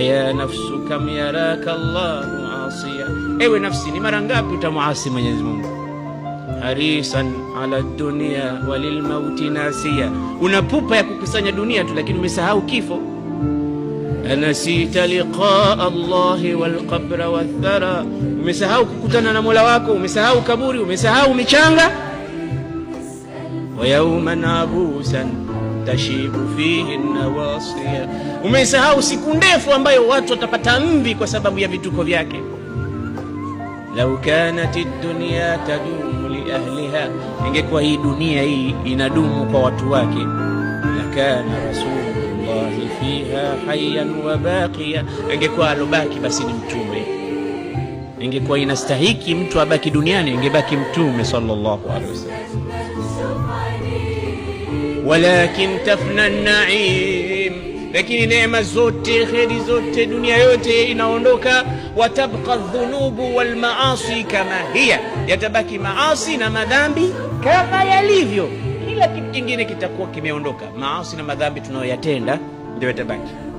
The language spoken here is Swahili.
ya nafsu kam yaraka Allahu asiya, ewe nafsi, ni mara ngapi utamuasi mwenyezimungu Mungu? Harisan ala dunia walilmauti nasiya, una pupa ya kukusanya dunia tu, lakini umesahau kifo. Anasita liqaa Allahi walqabra wathara, umesahau kukutana na mola wako, umesahau kaburi, umesahau michanga wayauman abusan tashibu fihi nawasia. Umesahau siku ndefu ambayo watu watapata mvi kwa sababu ya vituko vyake. Lau kanat dunya tadumu liahliha, ingekuwa hii dunia hii inadumu kwa watu wake. Lakana rasulullahi fiha hayyan wa baqiya, ingekuwa alobaki basi ni mtume ingekuwa inastahiki mtu abaki duniani, ingebaki Mtume sallallahu alaihi wasallam. Walakin tafna naim, lakini neema zote kheri zote dunia yote inaondoka. Watabqa dhunubu wal maasi kama hiya, yatabaki maasi na madhambi kama yalivyo. Kila kitu kingine kitakuwa kimeondoka. Maasi na madhambi tunayoyatenda ndio yatabaki.